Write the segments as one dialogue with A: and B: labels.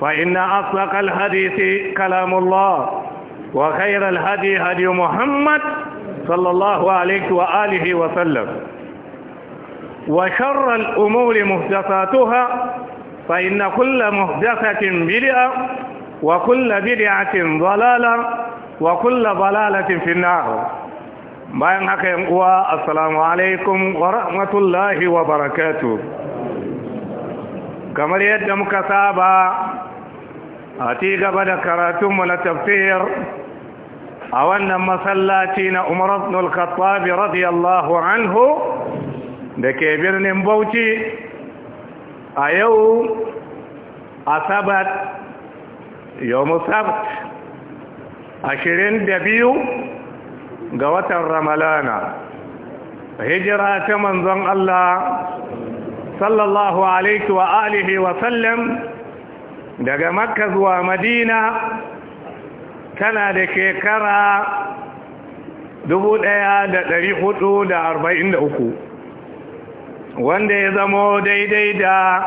A: فإن أصدق الحديث كلام الله وخير الهدي هدي محمد صلى الله عليه وآله وسلم وشر الأمور مهدساتها فإن كل مهدسة بدعة وكل بدعة ضلالة وكل ضلالة في النار bayan haka yan السلام عليكم ورحمة الله وبركاته كما barakatuh kamar a ci gaba da karatunmu na tafsir a wannan masallaci na umar abdul radiyallahu anhu da ke birnin bauchi a yau asabat yau sabt ashirin da biyu ga watan ramalana hijira ta manzon Allah sallallahu alaihi wa alihi wa sallam daga makka zuwa madina tana da shekara 1443 wanda ya zamo daidai da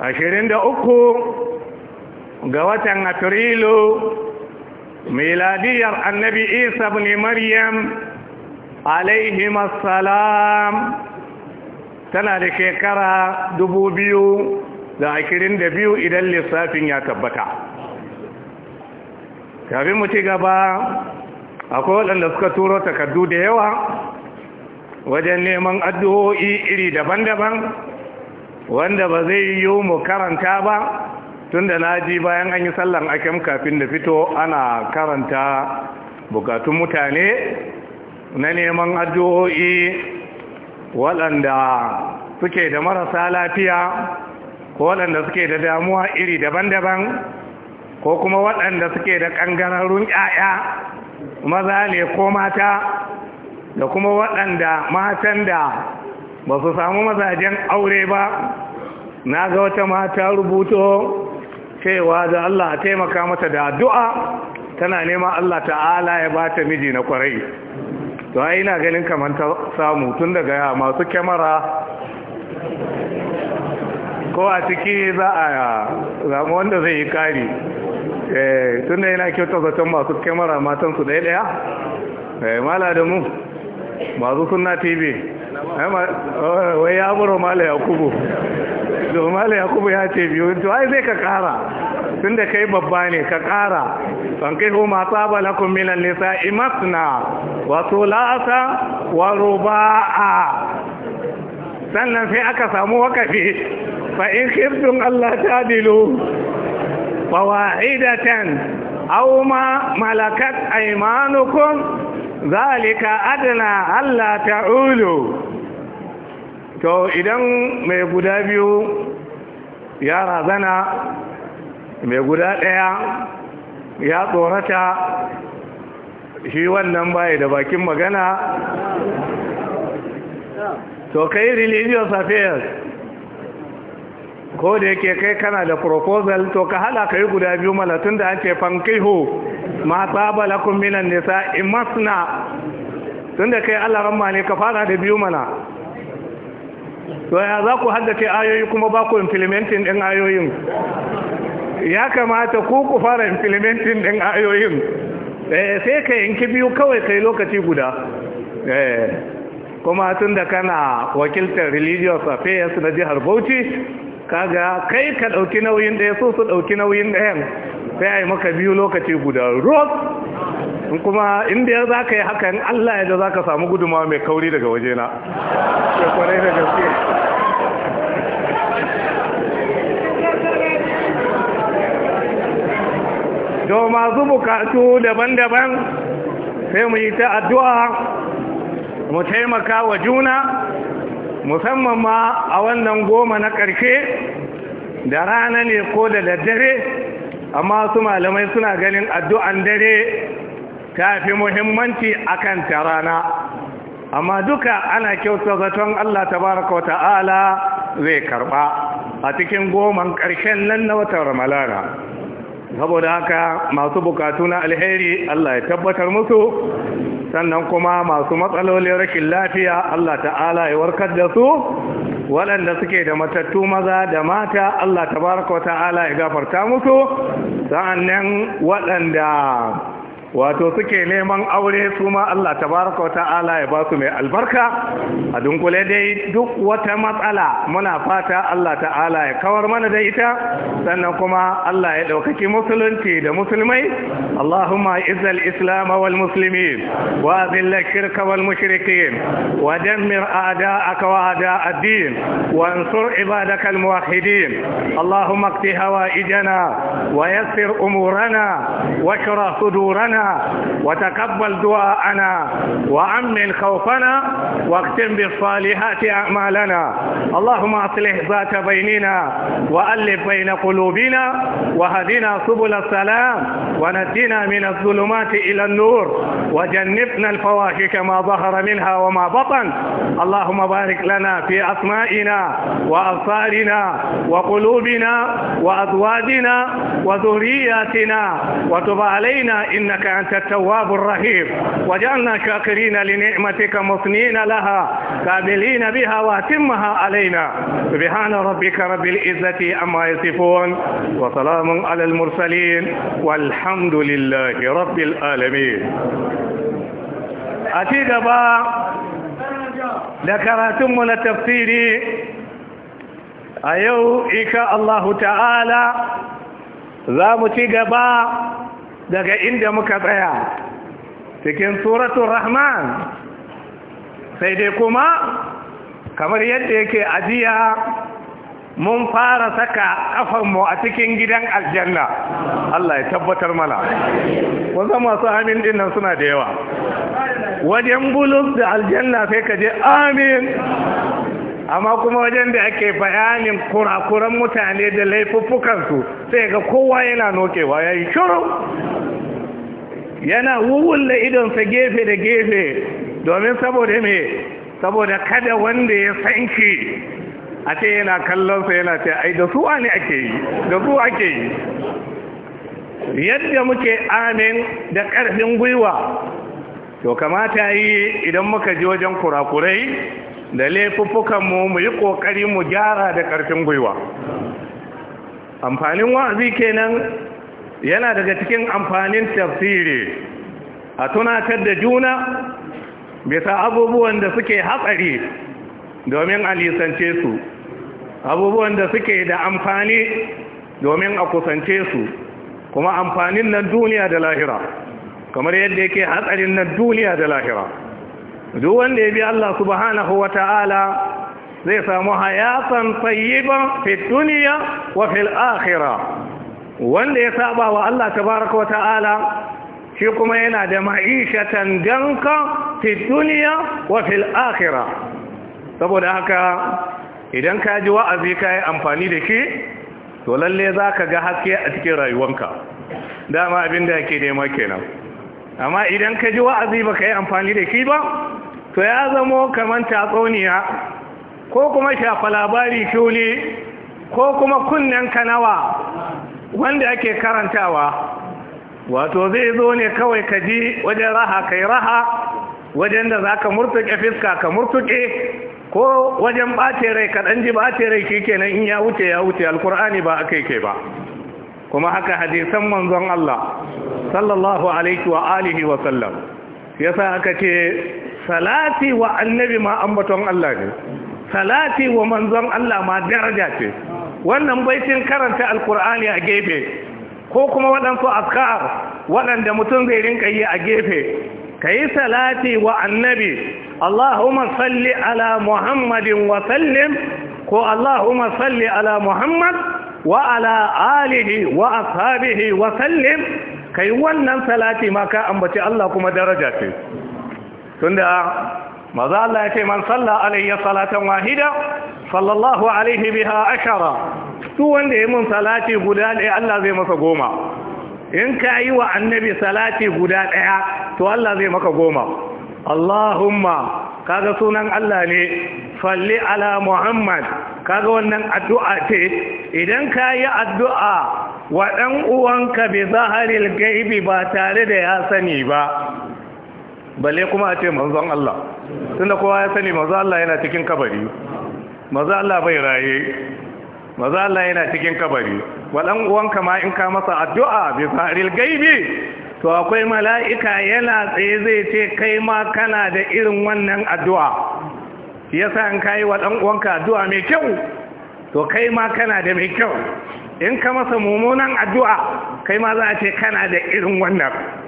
A: 23 ga watan afrilu miladiyar annabi isa bin maryam alaihim tana da shekara dubu biyu da akirin da biyu idan lissafin ya tabbata kafin mu ci gaba akwai waɗanda suka turo takardu da yawa wajen neman addu'o'i iri daban-daban wanda ba zai yi mu karanta ba tun da na ji bayan an yi sallan akem kafin da fito ana karanta bukatun mutane na neman addu'o'i waɗanda suke da marasa lafiya ko waɗanda suke da damuwa iri daban-daban ko kuma waɗanda suke da ƙangararun ƴaƴa maza ne ko mata da kuma waɗanda matan da ba su samu mazajen aure ba na ga wata mata rubuto cewa da Allah a taimaka mata da addu'a tana nema Allah ta'ala ya ba ta miji na kwarai to ai ina ganin kamar ta samu tun daga masu kyamara ko a ciki za a zama wanda zai yi kari eh, tun da yana kyauta zaton masu kyamara matansu ɗaya ɗaya eh, mala da mu masu suna tv eh, wai ya buru mala ya kubu domin mala ya kubu ya ce biyu to ai zai ka kara tun da kai babba ne ka kara ban kai ko matsa ba lakon milan nisa imasna wato la'asa wa a sannan sai aka samu wakafi fa’in kirtun Allah ta dilu bawa idatan, au ma malakat aimanukun zalika adana Allah ta ulu. To, idan mai guda biyu ya razana, mai guda ɗaya ya tsorata shi wannan baya da bakin magana. To, kai religious affairs. ko da yake kai kana da proposal to ka hada ka yi guda biyu malatun da an ce fankihu ma saba lakum minan nisa imasna tun da kai Allah ramma ne ka fara da biyu mana to ya za ku haddace ayoyi kuma ba ku implementing din ayoyin ya kamata ku ku fara implementing din ayoyin eh sai ka ki biyu kawai kai lokaci guda eh kuma tun da kana wakiltar religious affairs na jihar Bauchi kaga kai ka ɗauki nauyin ɗaya so su ɗauki nauyin ɗayan sai a maka biyu lokaci guda rot kuma inda ya za ka yi haka allah ya da zaka samu guduma mai kauri daga wajena kwarai da masu bukatu daban-daban sai mu yi ta addu'a mu taimaka wa juna musamman ma a wannan goma na ƙarshe da rana ne ko da daddare amma su malamai suna ganin addu'an dare ta fi muhimmanci akan ta rana amma duka ana kyauta zaton Allah tabaraka wa ta'ala zai karɓa a cikin goman ƙarshen nan na watan ramalana saboda haka masu bukatu na alheri Allah ya tabbatar musu sannan kuma masu matsalolin rashin lafiya Allah ta'ala ya warkar da su waɗanda suke da matattu maza da mata Allah tabaraka wa ta'ala ya gafarta musu sa'annan waɗanda wato suke neman aure su ma Allah tabaraka wa ta'ala ya ba su mai albarka a dunkule dai duk wata matsala muna fata Allah ta'ala ya kawar mana da ita sannan kuma Allah ya ɗaukaki musulunci da musulmai Allahumma izal islam wal muslimin wa azil shirka wal mushrikin wa dammir a'da'aka wa a'da'ad-din wa ansur ibadaka al muwahhidin Allahumma ikti hawaijana wa yassir umurana wa shrah sudurana وتقبل دعاءنا وأمن خوفنا واختم بالصالحات أعمالنا اللهم أصلح ذات بيننا وألف بين قلوبنا وهدنا سبل السلام ونجنا من الظلمات إلى النور وجنبنا الفواحش ما ظهر منها وما بطن اللهم بارك لنا في أسمائنا وأبصارنا وقلوبنا وأزواجنا وذرياتنا وتب علينا إنك أنت التواب الرحيم وجعلنا شاكرين لنعمتك مثنين لها كاملين بها واتمها علينا سبحان ربك رب العزة عما يصفون وسلام على المرسلين والحمد لله رب العالمين أتي دبا
B: karatunmu من التفسير
A: أيو yau ika Allahu ta'ala za daga inda muka tsaya cikin suratun rahman sai dai kuma kamar yadda yake ajiya mun fara saka kafanmu a cikin gidan aljanna Allah ya tabbatar mana wanzan masu amin din suna da yawa wajen bulus da aljanna sai ka je amin amma kuma wajen da ake bayanin kurakuran mutane da laifuffukansu sai ga kowa yana nokewa ya yi shuru yana wuwulla idonsa gefe da gefe domin saboda me saboda kada wanda ya san shi a ce yana kallonsa yana ce ai da su ne ake yi da su ake yi yadda muke amin da ƙarfin gwiwa to kamata yi idan muka ji wajen kurakurai da laifuffukanmu mu yi ƙoƙari mu gyara da ƙarfin gwiwa amfanin wa'azi kenan yana daga cikin amfanin tafsiri a tunatar da juna bisa abubuwan da suke hatsari domin a nisance su abubuwan da suke da amfani domin a kusance su kuma amfanin na duniya da lahira kamar yadda yake hatsarin na duniya da lahira duk wanda ya bi Allah subhanahu wa ta'ala zai samu hayatan tayyiban fi duniya wa fil akhirah wanda ya saba wa Allah tabaraka wa ta'ala shi kuma yana da ma'ishatan danka fi duniya wa fil akhirah saboda haka idan ka ji wa'azi ka yi amfani da shi to lalle za ka ga haske a cikin rayuwanka dama abin da ke nema kenan amma idan ka ji wa'azi ba ka yi amfani da shi ba to ya zamo kamar tatsuniya ko kuma shafa labari shuli ko kuma kunnen kanawa wanda ake karantawa wato zai zo ne kawai ka ji wajen raha kai raha wajen da za ka murtuke fiska ka murtuke ko wajen ɓace rai kaɗan ji ɓace rai shi kenan in ya wuce ya wuce alkur'ani ba aka ke ba kuma haka hadisan manzon Allah sallallahu alaihi wa alihi wa sallam yasa aka ce salati wa annabi ma ambaton Allah ne salati wa manzon Allah ma daraja ce wannan baitin karanta alkur'ani a gefe ko kuma waɗansu askar waɗanda mutum zai rinka yi a gefe ka yi salati wa annabi Allahumma salli ala Muhammadin wa sallim ko Allahumma salli ala Muhammad wa ala alihi wa ashabihi wa sallim yi wannan salati ma ka ambaci Allah kuma daraja ce tunda maza Allah ya ce man salla alayya salatan wahida sallallahu alaihi biha ashara duk wanda ya mun salati guda ɗaya Allah zai masa goma in ka yi wa annabi salati guda ɗaya to Allah zai maka goma Allahumma kaga sunan Allah ne falli ala Muhammad kaga wannan addu'a ce idan ka yi addu'a wa ɗan uwanka bi zaharil gaibi ba tare da ya sani ba balle kuma a ce manzon Allah tunda kowa ya sani manzon Allah yana cikin kabari manzon Allah bai raye manzon Allah yana cikin kabari walan uwanka ma in ka masa addu'a bi saril gaibi to akwai mala'ika yana tsaye zai ce kai ma kana da irin wannan addu'a yasa in kai wa dan uwanka addu'a mai kyau to kai ma kana da mai kyau in ka masa mummunan addu'a kai ma za a ce kana da irin wannan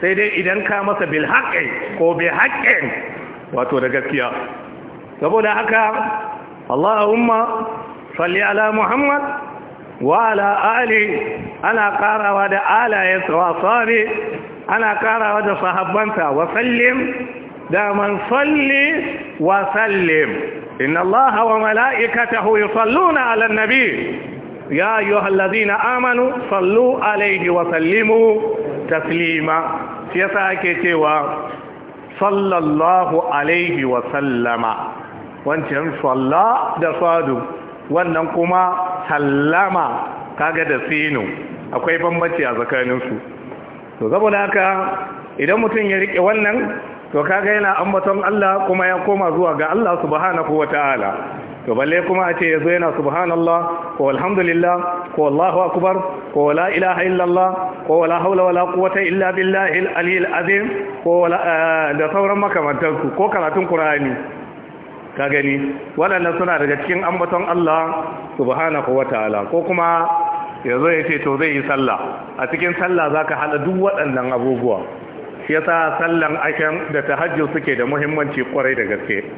A: sai dai idan ka masa bil haqqi ko bi haqqin wato da gaskiya saboda haka Allahumma salli ala Muhammad wa ala ali ana karawa da alayen sawasabi ana karawa da sahabbanta wa sallim da man salli wa sallim inna Allah wa mala'ikatahu yusalluna ala nabi Ya Amanu, يا wa الذين Taslima. taslima ya sa تسليما cewa sallallahu صلى wa sallama, wancan salla da Sadu wannan kuma sallama kaga da sinu akwai bambanci a tsakaninsu to saboda haka idan mutum ya rike wannan to kaga yana ambaton Allah kuma ya koma zuwa ga Allah subhanahu wataala to balle kuma a ce yazo yana subhanallah ko alhamdulillah ko allahu akbar ko la ilaha illallah ko la haula wala quwwata illa billahi al azim ko eh, da sauran makamantansu ko karatun qur'ani ka gani waɗannan suna daga cikin ambaton Allah subhanahu wataala ko kuma yazo ya ce to zai yi sallah a cikin sallah zaka hada duk waɗannan abubuwa shi yasa sallan ashen da tahajjud suke da muhimmanci kwarai da gaske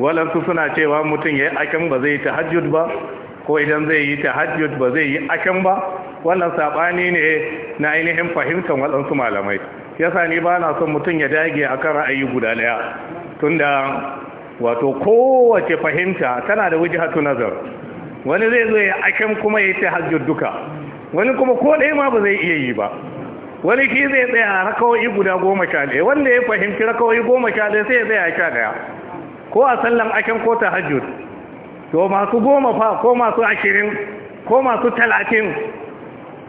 A: walansu suna cewa mutum ya yi akan ba zai yi ta hajjud ba ko idan zai yi ta hajjud ba zai yi akan ba wannan sabani ne na ainihin fahimtar waɗansu malamai yasa ni ba na son mutum ya dage a akan ra'ayi guda daya tunda wato kowace fahimta tana da wuji hatu nazar wani zai zo ya akan kuma ya yi ta hajjud duka wani kuma ko ɗaya ma ba zai iya yi ba wani ki zai tsaya rakawai guda goma sha ɗaya wanda ya fahimci rakawai goma sha ɗaya sai ya tsaya sha ɗaya ko a sallan aken ko ta hajjud to masu goma fa ko masu ashirin ko masu talatin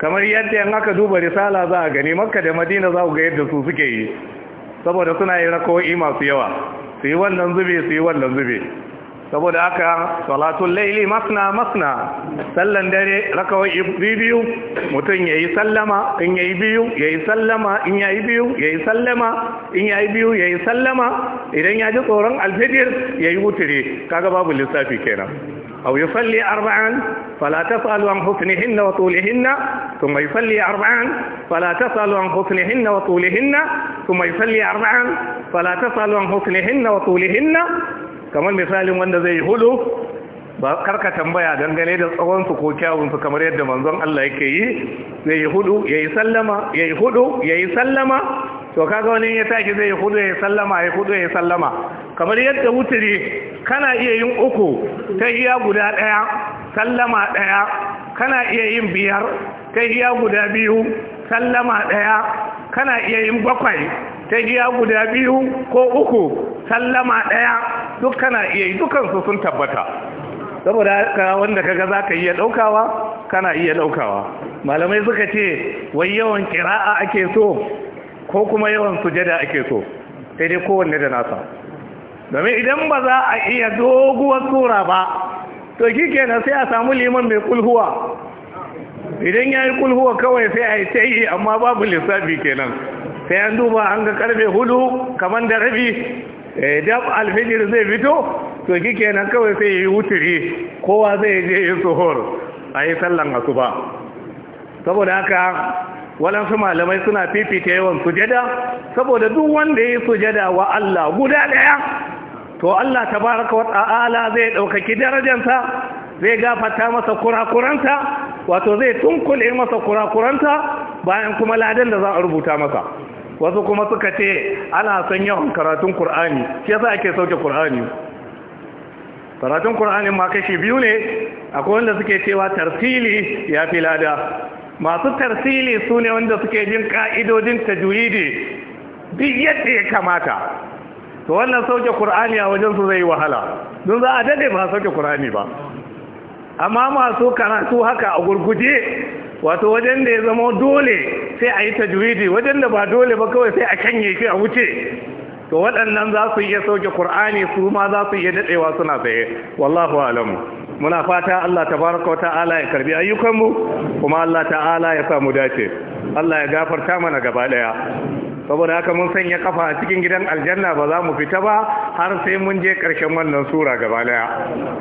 A: kamar yadda yan aka duba risala za a gani makka da madina za ku ga yadda su suke yi saboda suna yi rako'i masu yawa su yi wannan zube su yi wannan zube saboda haka salatul laili masna masna sallan dare rakawai biyu mutum ya yi sallama in ya yayi biyu yi sallama in ya yayi biyu yi sallama in ya yayi biyu yi sallama idan ya ji tsoron alfijir yi wutire kaga babu lissafi kenan أو يصلي أربعا فلا تسأل عن حسنهن وطولهن ثم يصلي أربعا فلا تسأل عن حسنهن وطولهن ثم يصلي أربعا فلا تسأل عن حسنهن وطولهن kamar misalin wanda zai hulu ba karka tambaya dangane da tsawonsu ko kyawunsu kamar yadda manzon Allah yake yi zai yi hudu ya yi sallama ya yi hudu ya yi sallama to kaga wani ya tashi zai yi hudu ya yi sallama ya yi hudu ya yi sallama kamar yadda wuturi kana iya yin uku ta iya guda ɗaya sallama ɗaya kana iya yin biyar ta iya guda biyu sallama ɗaya kana iya yin bakwai ta giya guda biyu ko uku sallama ɗaya dukkan iya dukansu sun tabbata saboda ka wanda kaga za ka iya ɗaukawa kana iya ɗaukawa malamai suka ce wai yawan kira'a ake so ko kuma yawan sujada ake so sai dai kowanne da nasa domin idan ba za a iya doguwar sura ba to na sai a samu liman mai kulhuwa idan ya yi kulhuwa kawai sai a yi ta yi amma babu lissafi kenan sai an duba an ga karfe hudu kamar da rabi eh, dab alfijir zai fito to kike nan kawai sai yi wuturi kowa zai je yi suhur a yi sallan asuba saboda haka walansu malamai suna fifita yawan sujada saboda duk wanda ya yi sujada wa Allah guda ɗaya to Allah tabaraka ta'ala zai ɗaukaki darajansa zai gafata masa kurakuranta wato zai tunkule masa kurakuranta bayan kuma ladan da za a rubuta masa wasu kuma suka ce ana son yawan karatun Kur'ani shi yasa ake sauke Kur'ani karatun Kur'ani ma kashi biyu ne akwai wanda suke cewa tarsili ya fi lada masu tarsili su ne wanda suke jin ka'idodin tajwidi duk yadda ya kamata to wannan sauke Kur'ani a wajen su zai wahala don za a dade ba sauke Kur'ani ba amma masu karatu haka a gurguje wato wajen da ya zama dole sai a yi tajwidi wajen da ba dole ba kawai sai a shanye shi a wuce to waɗannan za su iya sauke Kur'ani su ma za su iya daɗewa suna tsaye wallahu alamu muna fata Allah tabaraka wa ta'ala ya karbi ayyukanmu kuma Allah ta'ala ya samu dace Allah ya gafarta mana gaba ɗaya saboda haka mun sanya kafa a cikin gidan aljanna ba za mu fita ba har sai mun je ƙarshen wannan sura gaba daya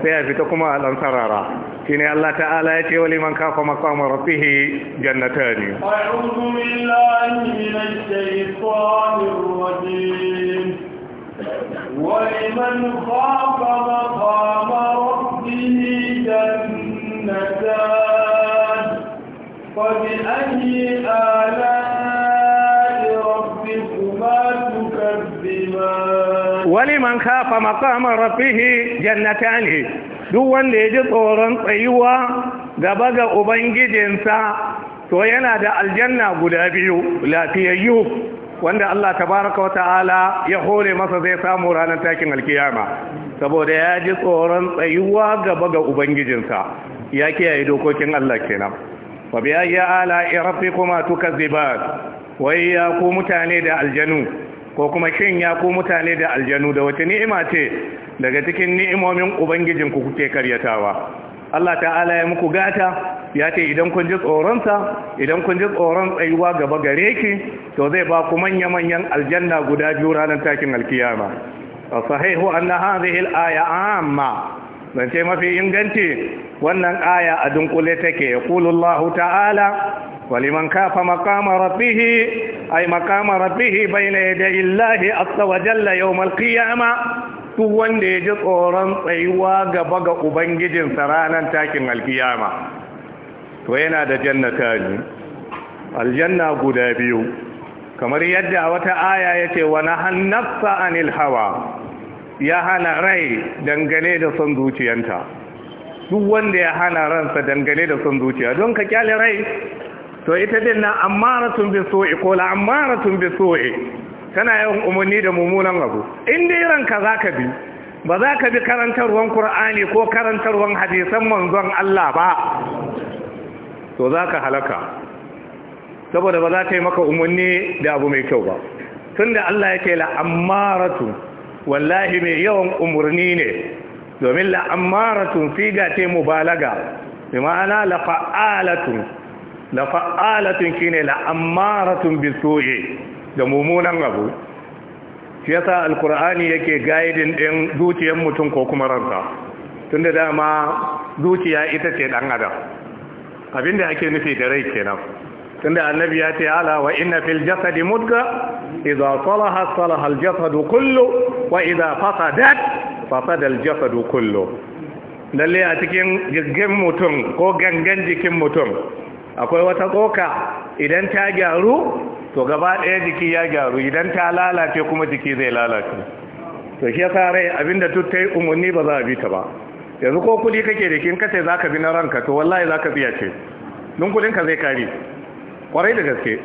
A: sai a fita kuma a dan sarara shine Allah ta'ala ya ce wali man kafa maqama rabbih jannatan
B: a'udhu billahi minash shaitanir rajim ولمن خاف مقام ربه جنتان فبأي ala?
A: waliman kafa ولمن rafihi مقام ربه duk wanda ya ji tsoron tsayuwa gaba ga ubangijinsa to yana da aljanna guda biyu lafiyayyu wanda Allah tabaraka wa ta'ala ya hore masa zai samu ranar takin alkiyama saboda ya ji tsoron tsayuwa gaba ga ubangijinsa ya kiyaye dokokin Allah kenan wa bi ayyi ala rabbikuma tukazziban wai ya ku mutane da aljanu ko kuma shin ya ku mutane da aljanu da wata ni'ima ce daga cikin ni'imomin Ubangijin ku kuke karyatawa Allah ta'ala ya muku gata ya ce idan kun ji tsoron sa idan kun ji tsoron tsayuwa gaba gare ki to zai ba ku manya-manyan aljanna guda biyu ranar takin alkiyama a sahihu an hadhihi al aya amma ce mafi inganci wannan aya a dunkule take yaqulu Allah ta'ala ولمن خاف مقام ربه أي مقام ربه بين يدي الله عز وجل يوم القيامة duk wanda ya ji tsoron tsayuwa gaba ga ubangijinsa ranar takin alkiyama to yana da jannata ne aljanna guda biyu kamar yadda wata aya ya ce wani hannafsa anil hawa ya hana rai dangane da son zuciyanta duk wanda ya hana ransa dangane da son zuciya don ka kyale rai to ita din nan ammaratun bi su'i ko la ammaratun bi su'i tana yawan umarni da mumunan abu in dai ranka zaka bi ba za ka bi karantarwan Kur'ani ko karantarwan hadisan manzon Allah ba to za ka halaka saboda ba za ta yi maka umarni da abu mai kyau ba tunda Allah yake la'ammaratu wallahi mai yawan umarni ne domin fi ga te mubalaga bi ma'ana la fa'alatu da fa'alatin shine la'ammaratun bisoye da mummunan abu shi alkur'ani yake gaidin ɗin zuciyar mutum ko kuma tun tunda dama zuciya ita ce ɗan adam abinda ake nufi da rai kenan tunda annabi ya ce ala wa inna fil jasadi mudga idza salaha salaha al jasadu kullu wa idza fasadat fasada al jasadu kullu lalle a cikin jirgin mutum ko gangan jikin mutum akwai wata tsoka idan ta gyaru to gaba ɗaya jiki ya gyaru idan ta lalace kuma jiki zai lalace to shi yasa rai abinda duk umarni ba za a bi ta ba yanzu ko kudi kake da kin kace zaka bi na ranka to wallahi zaka biya ce dun kudin ka zai kare kwarai da gaske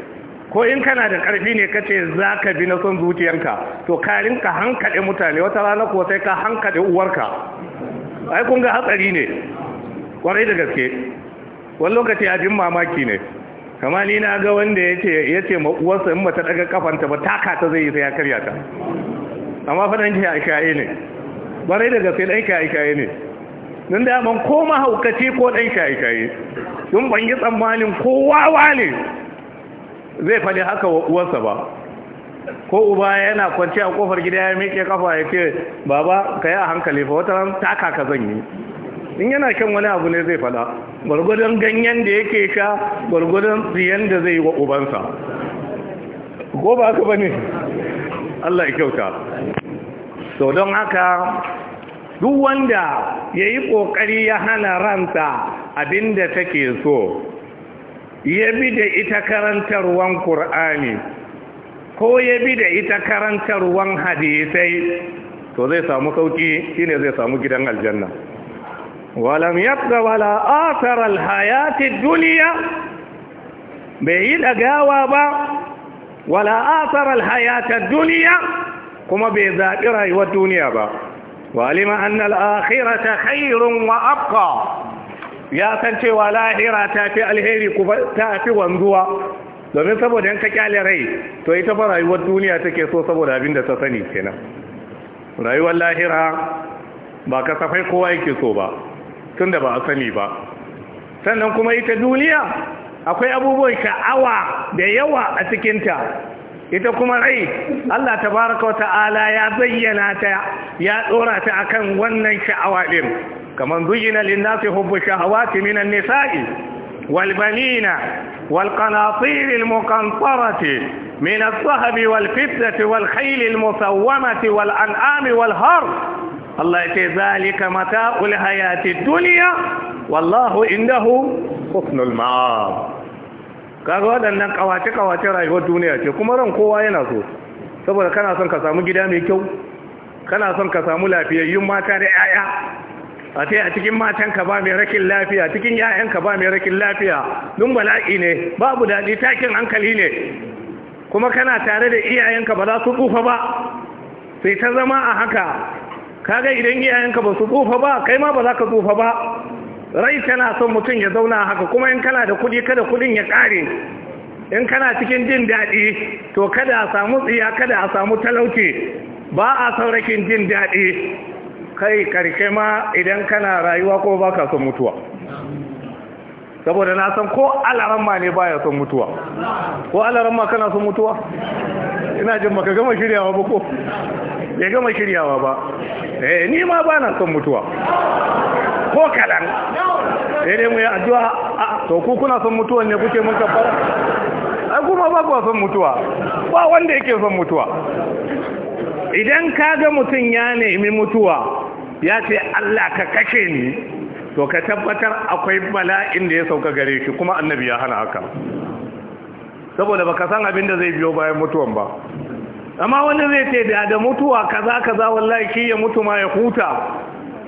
A: ko in kana da karfi ne kace zaka bi na son zuciyarka to karin ka hankade mutane wata rana ko sai ka hankade uwarka ai kun ga hatsari ne kwarai da gaske wani lokaci abin mamaki ne kama ni na ga wanda ya ce uwarsa in mata daga kafanta ba taka ta zai yi sai ya karya ta amma fadan ki aikaye ne barai daga sai dan ki aikaye ne dan da ban ko mahaukaci ko dan ki aikaye don ban yi tsammanin ko wawa ne zai faɗi haka wa uwarsa ba ko uba yana kwanci a kofar gida ya miƙe kafa ya ce baba kai a hankali fa wata ran taka ka zan yi in yana shan wani abu ne zai fada gwargwadon ganyen da yake sha gwargwadon tsiyan da zai yi wa ubansa ko ba haka ba Allah ya kyauta so don haka duk wanda ya yi ƙoƙari ya hana ranta abinda take so ya bi da ita karantarwan ƙur'ani ko ya bi da ita karantarwan hadisai to zai samu sauki shine zai samu gidan aljanna walam yabqa wala athara alhayati dunya bai yi dagawa ba wala athara alhayata dunya kuma bai zaɓi rayuwar duniya ba walima annal al-akhirata khairun wa abqa ya san cewa lahira ta fi alheri ta fi wanzuwa domin saboda ka kyale rai to ita fa rayuwar duniya take so saboda abin da ta sani rayuwar lahira ba kasafai kowa yake so ba tun da ba a sani ba sannan kuma ita duniya akwai abubuwan sha'awa da yawa a cikinta ita kuma rai Allah tabaraka wa ta'ala ya zayyana ta ya tsora ta akan wannan sha'awa din Kamar zuyina lin-nasi hubbu shahawati minan nisa'i wal banina wal qanatir al-muqantarati من الذهب والفتنة والخيل المسومة والأنعام والهر Allah ya ce zalika mata'ul hayati duniya wallahu indahu husnul ma'ab kaga waɗannan kawace kawace rayuwar duniya ce kuma ran kowa yana so saboda kana son ka samu gida mai kyau kana son ka samu lafiyayyun mata da 'ya'ya a ce a cikin matan ka ba mai rakin lafiya cikin 'ya'yan ka ba mai rakin lafiya dun bala'i ne babu daɗi takin hankali ne kuma kana tare da iyayenka ba za su tsufa ba sai ta zama a haka kaga idan iyayenka ba su tsufa ba kai ma ba za ka tsufa ba rai tana son mutum ya zauna haka kuma in kana da kuɗi kada kuɗin ya ƙare in kana cikin jin daɗi to kada a samu tsiya kada a samu talauci ba a saurakin jin daɗi kai karke ma idan kana rayuwa ko ba ka son mutuwa saboda na san ko alaramma ne baya son mutuwa ko alaramma kana son mutuwa ina jin maka gama shiryawa ba ko bai gama shiryawa ba eh ni ma ba na son mutuwa ko kalan sai dai mu yi addu'a to ku kuna son mutuwa ne kuke mun kafara ai kuma ba ku son mutuwa ba wanda yake son mutuwa idan ka ga mutum ya nemi mutuwa ya ce Allah ka kashe ni to ka tabbatar akwai bala'in da ya sauka gare shi kuma annabi ya hana haka saboda baka san abin da zai biyo bayan mutuwan ba amma wani zai ce da da mutuwa kaza kaza wallahi shi ya mutu ma ya huta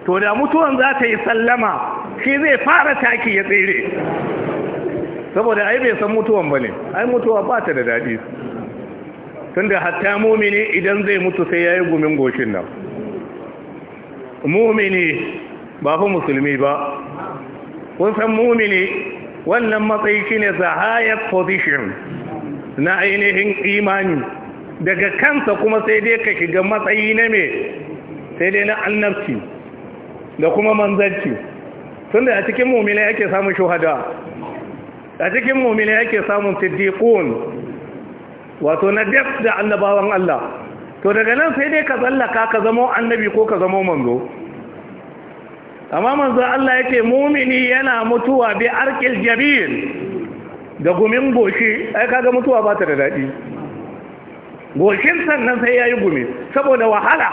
A: to da mutuwan za ta yi sallama shi zai fara taki ya tsere saboda ai bai san mutuwan bane ai mutuwa ba ta da daɗi tunda hatta mumini idan zai mutu sai yayi gumin goshin nan mumini ba fa musulmi ba kun san mumini wannan matsayi shine the highest position na ainihin imani daga kansa kuma sai dai ka shiga matsayi na me sai dai na annabci da kuma manzarci tun da a cikin mummina yake samun shuhada a cikin mummina yake samun siddiqun wato na daf da annabawan Allah to daga nan sai dai ka tsallaka ka zama annabi ko ka zama manzo amma manzo Allah yake mumini yana mutuwa bi arkil jabir da gumin goshi ai kaga mutuwa ba ta da daɗi goshin sannan sai ya yi gumi saboda wahala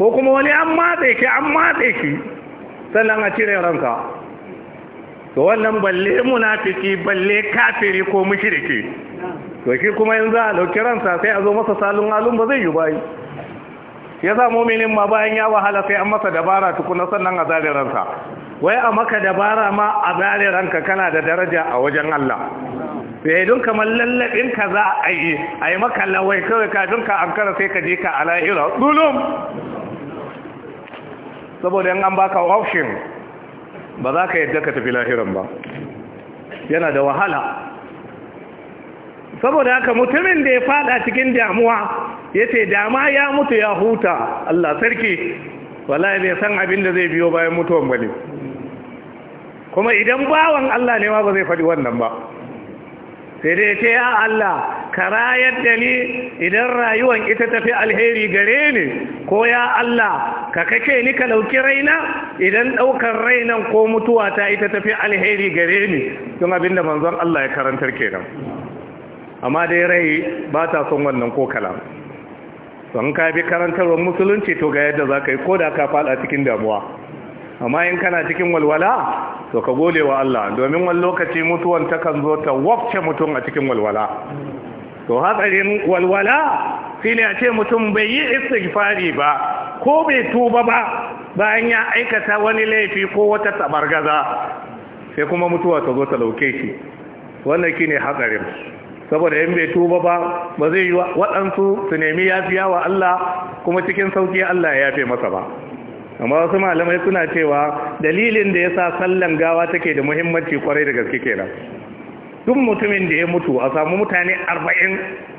A: ko kuma wani an matse ki an matse ki sannan a cire ranka to wannan balle munafiki balle kafiri ko mushriki to shi kuma yanzu a dauki ransa sai a zo masa salun alun ba zai yi bayi ya sa mominin ma bayan ya wahala sai an masa dabara tukuna sannan a zare ransa wai a maka dabara ma a zare ranka kana da daraja a wajen Allah ya eh, don kamar lallabin ka za a yi a yi maka wai kawai kafin ka ankara sai ka je ka ala'ira dulum saboda yan an baka option ba za ka yadda ka tafi lahiran ba yana da wahala saboda haka mutumin da ya fada cikin damuwa ya ce dama ya mutu ya huta Allah sarki wallahi bai san abin da zai biyo bayan mutuwan ba kuma idan bawan Allah ne ma ba zai faɗi wannan ba sai dai ya Allah ka rayar da ni idan rayuwan ita tafi alheri gare ni ko ya Allah ka kake ni ka ɗauki raina idan ɗaukar rainan ko mutuwa ta ita tafi alheri gare ni don abinda manzon Allah ya karantar kenan amma dai rai ba ta son wannan ko kalam don ka bi karantarwar musulunci to ga yadda za yi ko da ka faɗa cikin damuwa amma in kana cikin walwala to ka gode wa Allah domin wani lokaci mutuwan kan zo ta wafce mutum a cikin walwala to hatsarin walwala shi ne a ce mutum bai yi istighfari ba ko bai tuba ba bayan ya aikata wani laifi ko wata tabargaza sai kuma mutuwa ta zo ta lauke shi wannan ne hatsarin saboda in bai tuba ba ba zai yi waɗansu su nemi yafiya wa Allah kuma cikin sauƙi Allah ya yafe masa ba amma wasu malamai suna cewa dalilin da yasa sallan gawa take da muhimmanci kwarai da gaske kenan duk mutumin da ya mutu a samu mutane arba'in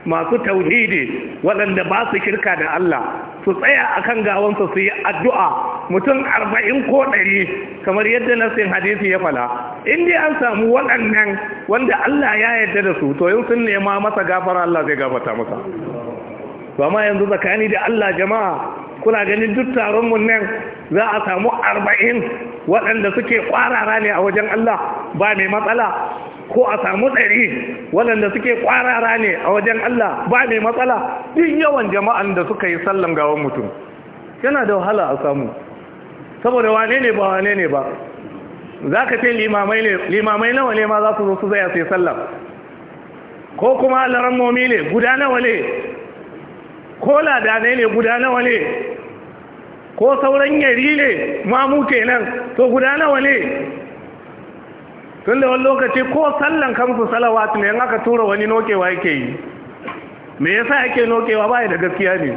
A: masu tauhidi waɗanda ba su kirka da Allah su tsaya akan kan gawansa su yi addu'a mutum arba'in ko ɗari kamar yadda nasin hadisi ya fala in dai an samu waɗannan wanda Allah ya yarda da su to yin sun nema masa gafara Allah zai gafata masa ba ma yanzu tsakani da Allah jama'a kuna ganin duk taron mun nan za a samu arba'in waɗanda suke kwarara ne a wajen Allah ba mai matsala ko a samu ɗari waɗanda suke kwarara ne a wajen Allah ba mai matsala duk yawan jama'an da suka yi sallan gawan mutum yana da wahala a samu saboda wane ne ba wane ne ba za ka ce limamai nawa ne ma za su zo su zaya sai sallah ko kuma alaran momi ne guda nawa ne ko lada ne ne guda nawa ne ko sauran yari ne mamu kenan to guda nawa ne tun da wani lokaci ko sallan kamsu salawatu ne in aka tura wani nokewa yake yi me yasa yake nokewa ba da gaskiya ne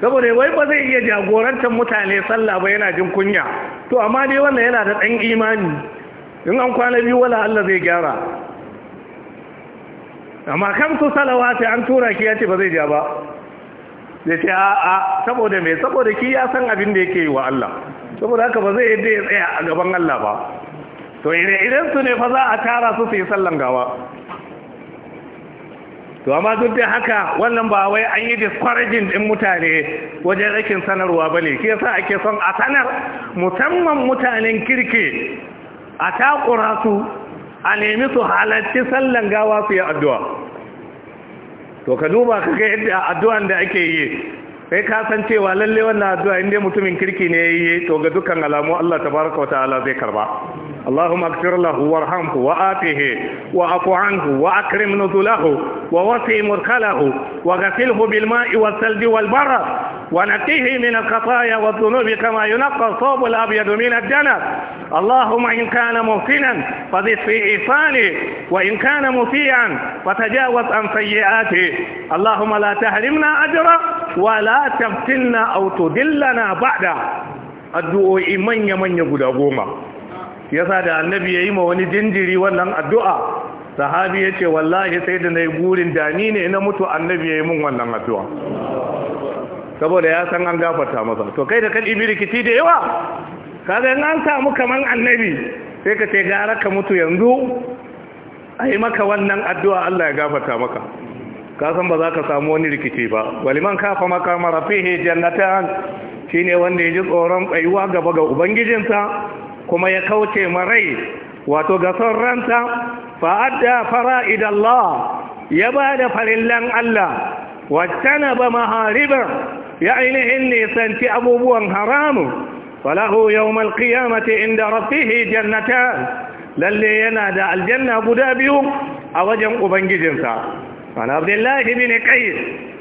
A: saboda wai ba zai iya jagorantar mutane sallah ba yana jin kunya to amma dai wannan yana da ɗan imani in an kwana biyu wala Allah zai gyara amma Salawa sai an tura ki ya ce ba zai ja ba zai ce a'a saboda mai saboda ki ya san abin da yake yi wa Allah saboda haka ba zai yadda ya tsaya a gaban Allah ba to idan su ne fa za a tara su su yi sallan gawa to amma duk da haka wannan ba wai an yi discouraging din mutane wajen rakin sanarwa ba ne kiyasa ake son a sanar musamman mutanen kirki a takura su a nemi su halarci sallan gawa su yi addu'a to ka duba ka ga yadda addu'an da ake yi sai ka san cewa lalle wannan addu'a inda mutumin kirki ne ya yi to ga dukkan alamu Allah Ta wata Ala zai karba Allahumma wa wa wa wa nuzulahu wa wasi wa wa نزله wa ma'i wa بالماء wal walbara. ونقيه من الخطايا والذنوب كما ينقى الثوب الأبيض من الدنس اللهم إن كان محسنا فزد في إيصاله وإن كان مسيئا فتجاوز عن سيئاته اللهم لا تحرمنا أجرا ولا تفتنا أو تدلنا بعد addu'o'i manya يمن يقول goma yasa da annabi ya yi ma wani jinjiri wannan addu'a sahabi ya ce wallahi sai da na yi gurin da ni ne na mutu annabi ya mun wannan addu'a saboda ya san an gafarta masa to kai da kan ibi rikici da yawa kaga an samu kaman annabi sai ka ce gara ka mutu yanzu a yi maka wannan addu'a Allah ya gafarta maka ka san ba za ka samu wani rikici ba waliman kafa maka marafihe jannatan shi ne wanda ya ji tsoron tsayuwa gaba ga ubangijinsa kuma ya kauce marai wato ga son ranta fa'adda fara'id Allah ya ba da farillan Allah واجتنب مهاربا يعني إني سنتي أبوبوا هرام فله يوم القيامة عند ربه جنتان للي ينادى الجنة أبو أو جمع بنجزنسا عن عبد الله بن قيس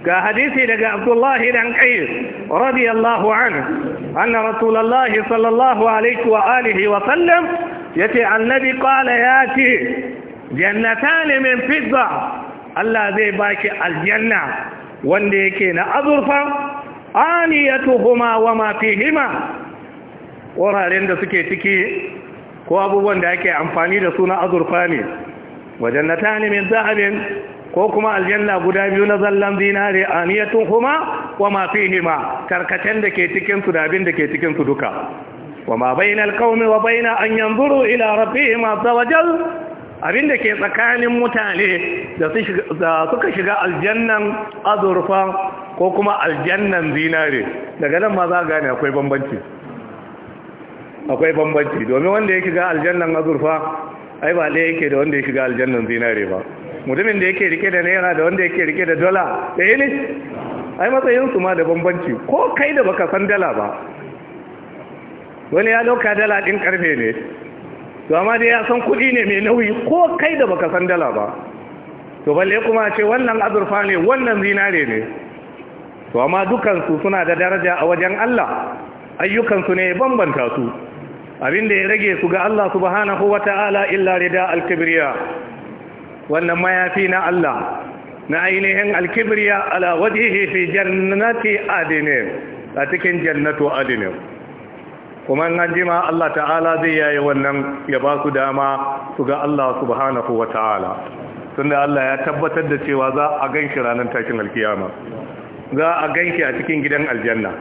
A: كحديث لك عبد الله بن قيس رضي الله عنه أن رسول الله صلى الله عليه وآله وسلم يتي عن النبي قال ياتي جنتان من فضة Allah zai baki aljanna wanda yake na azurfa aniyatuhuma wa ma fihima wuraren da suke ciki ko abubuwan da ake amfani da su na azurfa ne wajen na tani min zahabin ko kuma aljanna guda biyu na zallan zinare aniyatuhuma wa ma fihima karkacen da ke cikin su da abin da ke cikin su duka wa ma bainal qaumi wa baina an yanzuru ila rabbihim azza wajal abinda ke tsakanin mutane da suka shiga aljannan azurfa ko kuma aljannan zinare daga nan ma za gane akwai bambanci akwai bambanci domin wanda ya shiga aljannan azurfa ai ba ɗaya yake da wanda ya shiga aljannan zinare ba mutumin da yake rike da naira da wanda yake rike da dola ɗaya ne ai matsayinsu ma da bambanci ko kai da baka san dala ba wani ya dauka dala ɗin karfe ne to amma dai ya san kuɗi ne mai nauyi ko kai da baka san dala ba to balle kuma ce wannan azurfa ne wannan zinare ne to amma dukansu suna da daraja a wajen Allah ayyukansu ne bambanta su abinda ya rage su ga Allah subhanahu wata'ala illa rida al-kibriya wannan mayafi na Allah na ainihin al-kibriya ala wajhihi fi jannati adnin a cikin jannatu adinin. kuma in an jima Allah ta'ala zai yayi wannan ya ba su dama su ga Allah subhanahu wa ta'ala tunda Allah ya tabbatar da cewa za a ganshi ranar takin alkiyama za a shi a cikin gidan aljanna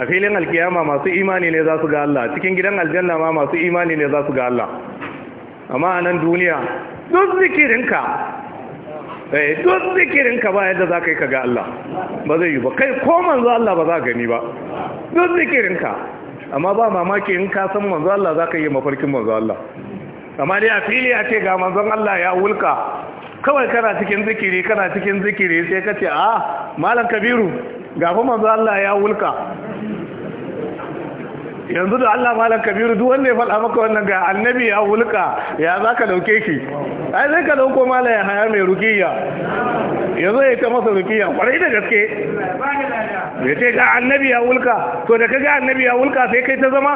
A: a filin alkiyama masu imani ne za su ga Allah cikin gidan aljanna ma masu imani ne za su ga Allah amma a nan duniya duk zikirinka eh duk zikirinka ba yadda za ka yi ka ga Allah ba zai yi ba kai ko manzo Allah ba za gani ba duk zikirinka amma ba mamaki in ka san manzo Allah zaka yi mafarkin manzo Allah amma dai a fili a ce ga manzon Allah ya wulka kawai kana cikin zikiri kana cikin zikiri sai ka ce a ah, malam kabiru ga fa manzo Allah ya wulka yanzu da Allah malam kabiru duk wanda ya faɗa maka wannan ga annabi ya wulka ya za ka ɗauke shi ai zai ka ɗauko mala ya haya mai rukiya yanzu ya ta masa rukiya kwarai da gaske ya ce ga annabi ya wulka to da ka ga annabi ya wulka sai kai ta zama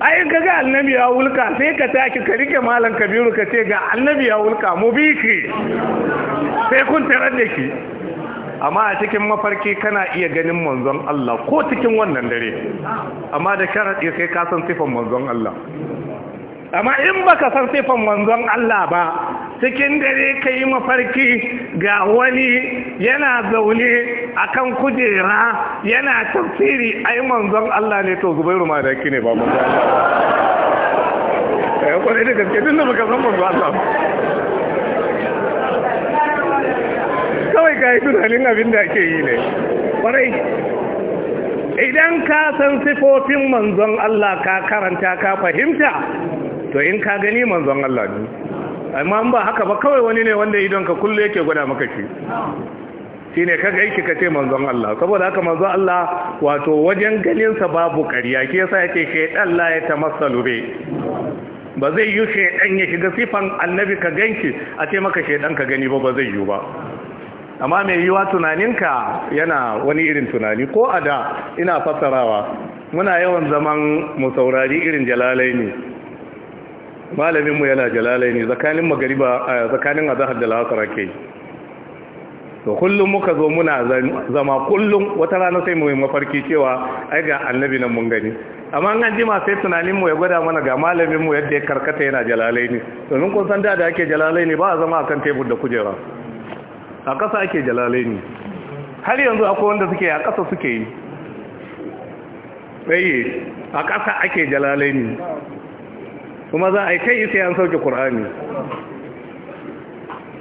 A: ai in ka ga annabi ya wulka sai ka tashi ka rike malam kabiru ka ce ga annabi ya wulka mu bi ki sai kun tarar da shi amma a cikin mafarki kana iya ganin manzon Allah ko cikin wannan dare amma da sharaɗi sai ka san sifan manzon Allah amma in baka san sifan manzon Allah ba cikin dare ka yi mafarki ga wani yana zaune a kan
C: kujera
A: yana tafsiri ai manzon Allah ne to zubairu ma daki ne ba manzon Allah eh, ya kwanai da gaske duk da baka san manzon Allah kawai ka yi tunanin abin da ake yi ne ƙwarai idan ka san sifofin manzon Allah ka karanta ka fahimta to in ka gani manzon Allah ne amma ba haka ba kawai wani ne wanda idon ka kullu yake gwada maka shi shi ne kaga yake ka ce manzon Allah saboda haka manzon Allah wato wajen ganinsa babu ƙarya ke yasa yake shaidan la ya tamassalu be ba zai yi shaidan ya shiga sifan annabi ka ganki a ce maka shaidan ka gani ba ba zai yi ba amma mai yiwa tunaninka yana wani irin tunani ko a da ina fassarawa muna yawan zaman mu saurari irin jalalai ne malaminmu yana jalalai ne tsakanin magariba a tsakanin azahar da la'asar ke to kullum muka zo muna zama kullum wata rana sai mu yi mafarki cewa ai ga annabi nan mun gani amma an ma sai tunanin mu ya gwada mana ga malamin mu yadda ya karkata yana jalalai ne domin kun san da da ake jalalai ne ba a zama akan tebur da kujera a ƙasa ake jalalaini har yanzu akwai wanda suke a ƙasa suke yi ɗaye a ƙasa ake jalalaini kuma za a yi kai sai an sauke ƙur'ani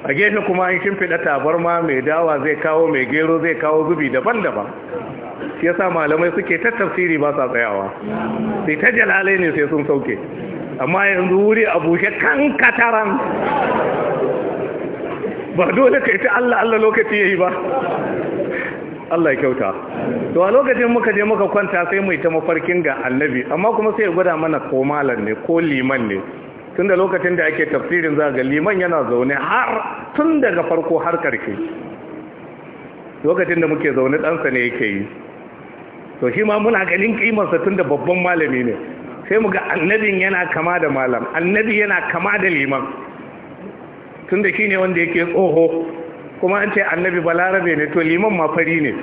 A: a gefe kuma an shimfiɗa tabarma mai dawa zai kawo mai gero zai kawo zubi daban-daban Ya sa malamai suke ta tafsiri ba sa tsayawa sai ta jalalai ne sai sun sauke amma yanzu wuri a bushe kan kataran ba dole ka ita Allah Allah lokaci yayi ba Allah ya kyauta to a lokacin muka je muka kwanta sai mu ita mafarkin ga annabi amma kuma sai ya gwada mana ko malam ne ko liman ne tun da lokacin da ake tafsirin za ga liman yana zaune har tun daga farko har karke lokacin da muke zaune ɗansa ne yake yi to shi ma muna ganin kimarsa tun da babban malami ne sai mu ga annabin yana kama da malam annabi yana kama da liman tunda shine wanda yake tsoho kuma an ce annabi balarabe ne to liman ma fari ne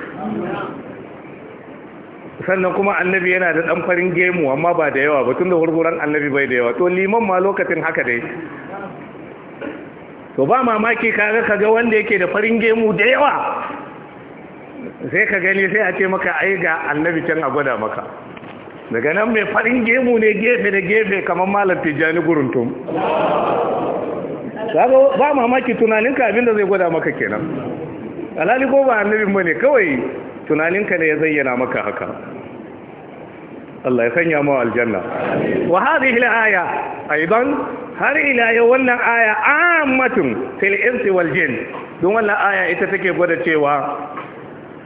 A: sannan kuma annabi yana da dan farin gemu amma ba da yawa ba tunda hurguran annabi bai da yawa to liman ma lokacin haka dai to ba mamaki kaga kaga wanda yake da farin gemu da yawa sai ka gani sai a ce maka ai ga annabi can a gwada maka daga nan mai farin gemu ne gefe da gefe kamar malam tijjani guruntum kaga ba mamaki tunaninka abinda zai gwada maka kenan alhali ko ba annabin bane kawai tunaninka ne ya zayyana maka haka Allah ya sanya mu aljanna wa hadhihi alaya aidan har ila yau wannan aya ammatun fil insi wal jin don wannan aya ita take gwada cewa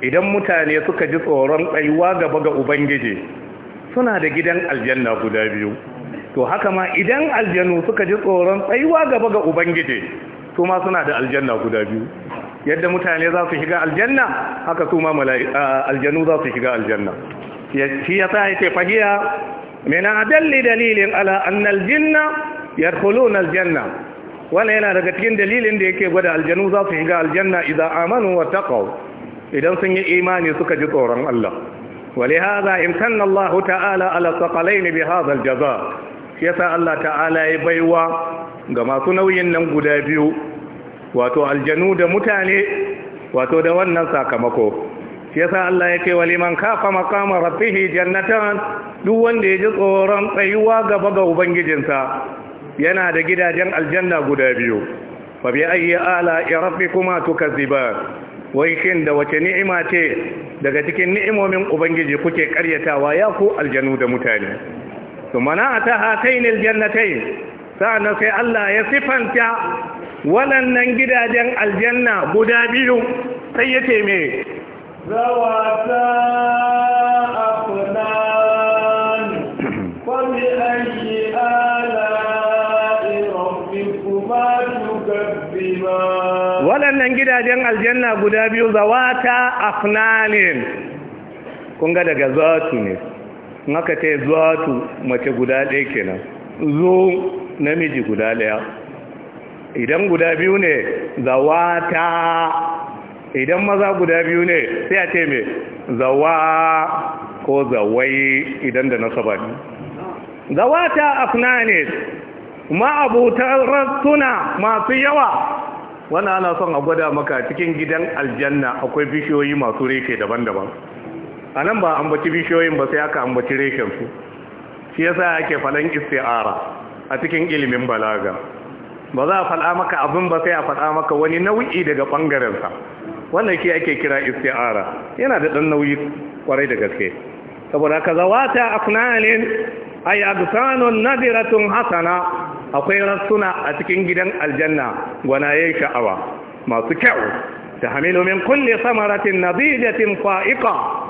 A: idan mutane suka ji tsoron tsayuwa gaba ga ubangiji suna da gidan aljanna guda biyu to haka ma idan aljanu suka ji tsoron tsayuwa gaba ga ubangiji su ma suna da aljanna guda biyu yadda mutane za su shiga aljanna haka su ma aljanu za su shiga aljanna shi ya sa yake fahiya mena adalli dalilin ala annal jinna yadkhuluna aljanna wala yana daga cikin dalilin da yake gwada aljanu za su shiga aljanna idan amanu wa taqaw idan sun yi imani suka ji tsoron Allah ولهذا امتن الله تعالى على الثقلين بهذا الجزاء shi yasa Allah ta'ala ya baiwa ga masu nauyin nan guda biyu wato aljanu da mutane wato da wannan sakamako shi yasa Allah ya ce wa liman kafa maqama rabbih jannatan duk wanda ya ji tsoron tsayuwa gaba ga ubangijinsa yana da gidajen aljanna guda biyu fa bi ayyi ala rabbikuma tukazziban wai shin da wace ni'ima ce daga cikin ni'imomin ubangiji kuke karyatawa ya ku aljanu da mutane ثم نعت هاتين الجنتين na sai Allah ya sifanta waɗannan gidajen aljanna guda biyu sai ya ce me zawata afunan kwami
B: ayi ala'i rabbikuma tukabbiba
A: waɗannan gidajen aljanna guda biyu zawata afnanin kun ga daga zatu ne maka ta tu mace guda ɗaya kenan zo namiji guda ɗaya idan guda biyu ne zawata idan maza guda biyu ne sai a ce mai zawa ko zawai idan da nasaba ne zawata afna ne abutar rastuna masu yawa Wani ana son a gwada maka cikin gidan aljanna akwai bishiyoyi masu reke daban-daban a nan ba ambaci bishiyoyin ba sai aka ambaci su shi yasa ake falon isti'ara a cikin ilimin balaga ba za a faɗa maka abin ba sai a fada maka wani nau'i daga ɓangarensa wannan shi ake kira isti'ara yana da ɗan nauyi kwarai da gaske saboda ka zawata afnalin ay agsanun nadiratun hasana akwai rasuna a cikin gidan aljanna gwanaye sha'awa masu kyau ta hamilu min kulli samaratin nadijatin fa'iqa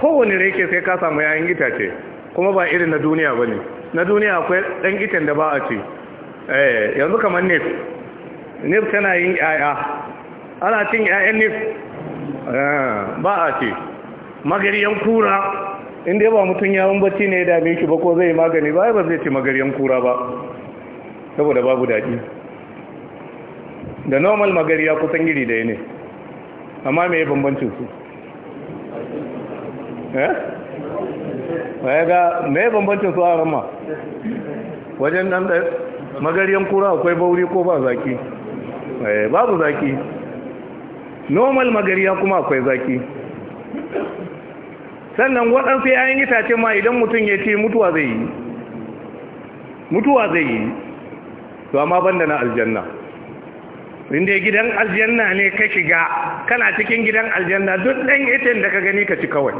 A: kowane reke sai ka samu yayin itace kuma ba irin na duniya ba ne na duniya akwai ɗan itan da ba a ci eh, yanzu kamar nif nif tana yin yaya ana cin yayan nif eh, ba a ce magariyan kura inda ba mutum yawon bacci ne ya dame shi ba ko zai magani ba ba zai ci magariyan kura ba saboda babu daɗi da normal magariya kusan giri da ne amma mai bambancin su
C: eh
A: ga me bambancin su a rama wajen nan da eh, magariyan kura akwai bauri ko ba zaki eh babu zaki normal magariya kuma akwai zaki sannan waɗansu yayin itace ma idan mutum ya ce mutuwa zai yi mutuwa zai yi to amma banda na aljanna inda gidan aljanna ne ka shiga kana cikin gidan aljanna duk ɗan itin da ka gani ka ci kawai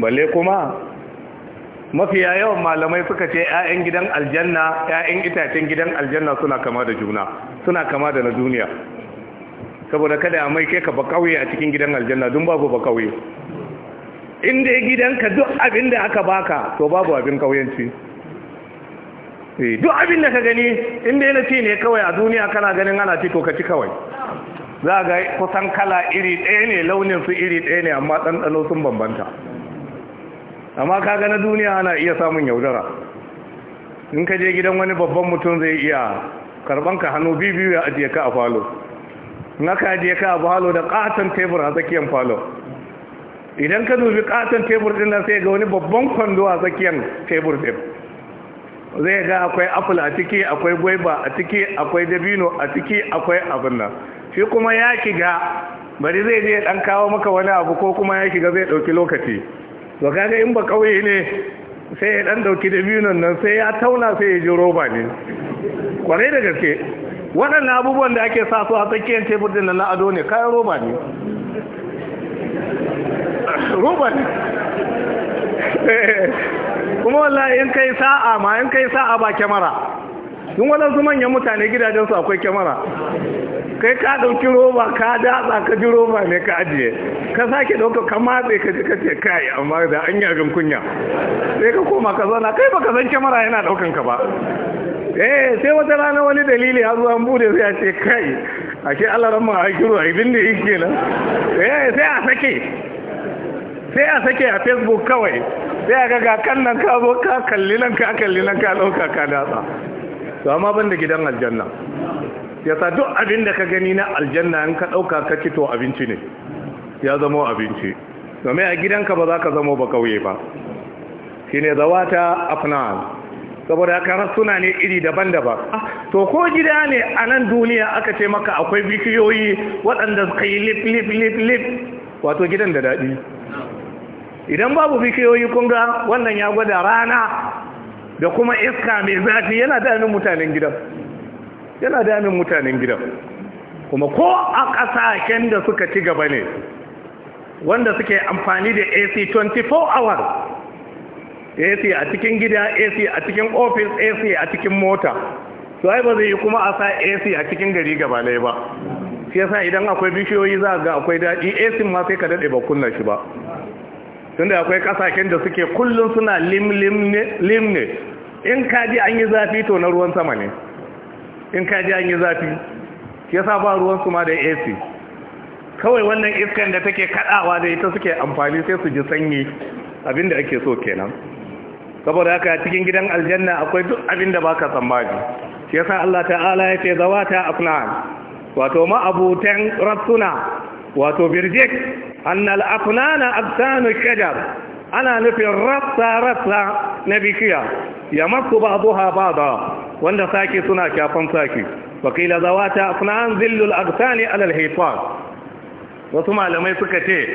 A: balle kuma mafiya yawan malamai suka ce 'ya'yan gidan aljanna 'ya'yan itacen gidan aljanna suna kama da juna suna kama da na duniya saboda kada a mai kai ka ba kauye a cikin gidan aljanna don babu ba kauye inda gidan gidanka duk abin da aka baka to babu abin kauyanci eh, duk abin da ka gani inda yana ce ci ne kawai a duniya kana ganin ana ci to ka ci kawai za ga kusan kala iri ɗaya ne launin su iri ɗaya ne amma ɗanɗano sun bambanta amma kaga na duniya ana iya samun yaudara in ka je gidan wani babban mutum zai iya karban ka hannu biyu ya ajiye ka a falo in aka ajiye ka a falo da katon tebur a tsakiyar falo idan ka dubi katon tebur din nan sai ga wani babban kwando a tsakiyar tebur din zai ga akwai apul a ciki akwai gwaiba a ciki akwai dabino a ciki akwai abin nan shi kuma ya shiga bari zai je dan kawo maka wani abu ko kuma ya shiga zai dauki lokaci to kaga in ba kauye ne sai ya dan dauki da biyun nan sai ya tauna sai ya ji roba ne kwarai da gaske waɗannan abubuwan da ake sa su a tsakiyar tebur din na ado ne kayan roba ne roba ne kuma wallahi in kai sa'a ma in kai sa'a ba kyamara in waɗansu manyan mutane gidajensu akwai kyamara kai ka dauki roba ka datsa ka ji roba ne ka ajiye ka sake dauka ka matse ka ji kace kai amma da an yi abin kunya sai ka koma ka zauna kai baka san kyamara yana daukan ka ba eh sai wata rana wani dalili ya zo an bude sai ya ce kai ashe Allah ran ma a kiro a ibin da yake na? eh sai a sake sai a sake a facebook kawai sai a ga ga kan nan ka zo ka kalli nan ka kalli nan ka dauka ka datsa to amma ban da gidan aljanna yasa duk abin da ka gani na aljanna in ka ɗauka ka ci to abinci ne ya zama abinci domin a gidanka ba za ka zama ba kauye ba shi ne zawata afnan saboda kara suna ne iri daban-daban to ko gida ne a nan duniya aka ce maka akwai bishiyoyi waɗanda suka yi lip lip lip wato gidan da daɗi idan babu bishiyoyi kunga wannan ya gwada rana da kuma iska mai zafi yana daɗin mutanen gidan yana damin mutanen gida kuma ko a ƙasashen da suka ci gaba ne wanda suke amfani da AC 24 hours AC a cikin gida AC a cikin ofis AC a cikin mota to ai ba zai yi kuma a sa AC a cikin gari gaba ne ba shi yasa idan akwai bishiyoyi za ga akwai daɗi AC ma sai ka daɗe ba kunna shi ba tunda akwai kasashen da suke kullum suna lim lim ne in kaji an yi zafi to na ruwan sama ne in ka ji an yi zafi sa ba ruwan su ma da AC kawai wannan iskan da take kadawa da ita suke amfani sai su ji sanyi abinda ake so kenan saboda haka cikin gidan aljanna akwai duk abinda baka tsammani shi sa Allah ta'ala ya ce zawata afnan wato ma abutan rasuna wato birjik annal afnana absanu shajar ana nufin rassa rassa na bishiya ya masu ba'daha ba'da wanda saki suna kyafan sake wakila zawata suna an zillul agsani alal haifar wasu malamai suka ce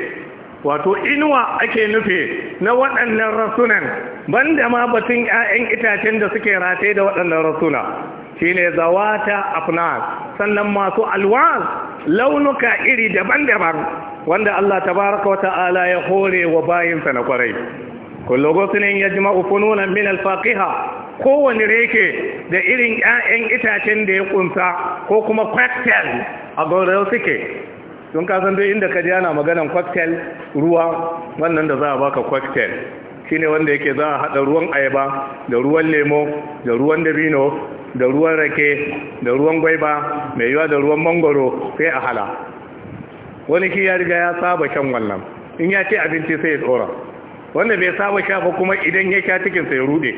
A: wato inuwa ake nufi na waɗannan rasunan banda ma batun 'ya'yan itacen da suke rataye da waɗannan rasuna shine zawata afnas sannan masu alwaz launuka iri daban-daban wanda Allah tabaraka wa ta'ala ya hore wa bayinsa na kwarai kullu gusnin yajma'u fununan min al kowane reke da irin 'ya'yan itacen da ya kunsa ko kuma cocktail a gaurayar suke sun kasan duk inda ka jana maganan cocktail ruwa wannan da za a baka cocktail shine wanda yake za a haɗa ruwan ayaba da ruwan lemo da ruwan dabino da ruwan rake da ruwan gwaiba mai yiwa da ruwan mangoro sai a hala wani shi ya riga ya saba shan wannan in ya ce abinci sai ya tsora wanda bai saba sha ba kuma idan ya sha cikinsa ya rude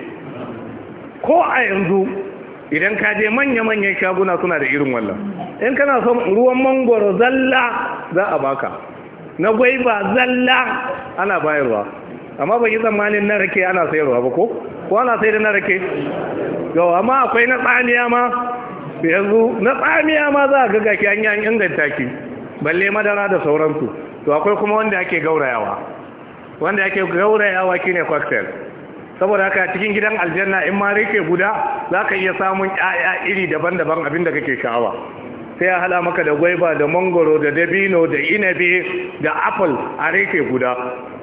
A: ko a yanzu idan ka je manya-manyan shaguna suna da irin wannan in kana son ruwan mangoro zalla za a baka na gwaiba zalla ana bayarwa amma ba yi tsammanin na rake ana sayarwa ba ko ko ana sai da na rake yau amma akwai na tsamiya ma yanzu na tsamiya ma za a gaga ki an yi inganta ki balle madara da sauransu to akwai kuma wanda ake gaurayawa wanda ake gaurayawa shine cocktail saboda haka cikin gidan aljanna in ma rike guda za ka iya samun 'ya'ya iri daban-daban abin da kake sha'awa sai ya hala maka da gwaiba da mangoro da dabino da inabi da apple a rike guda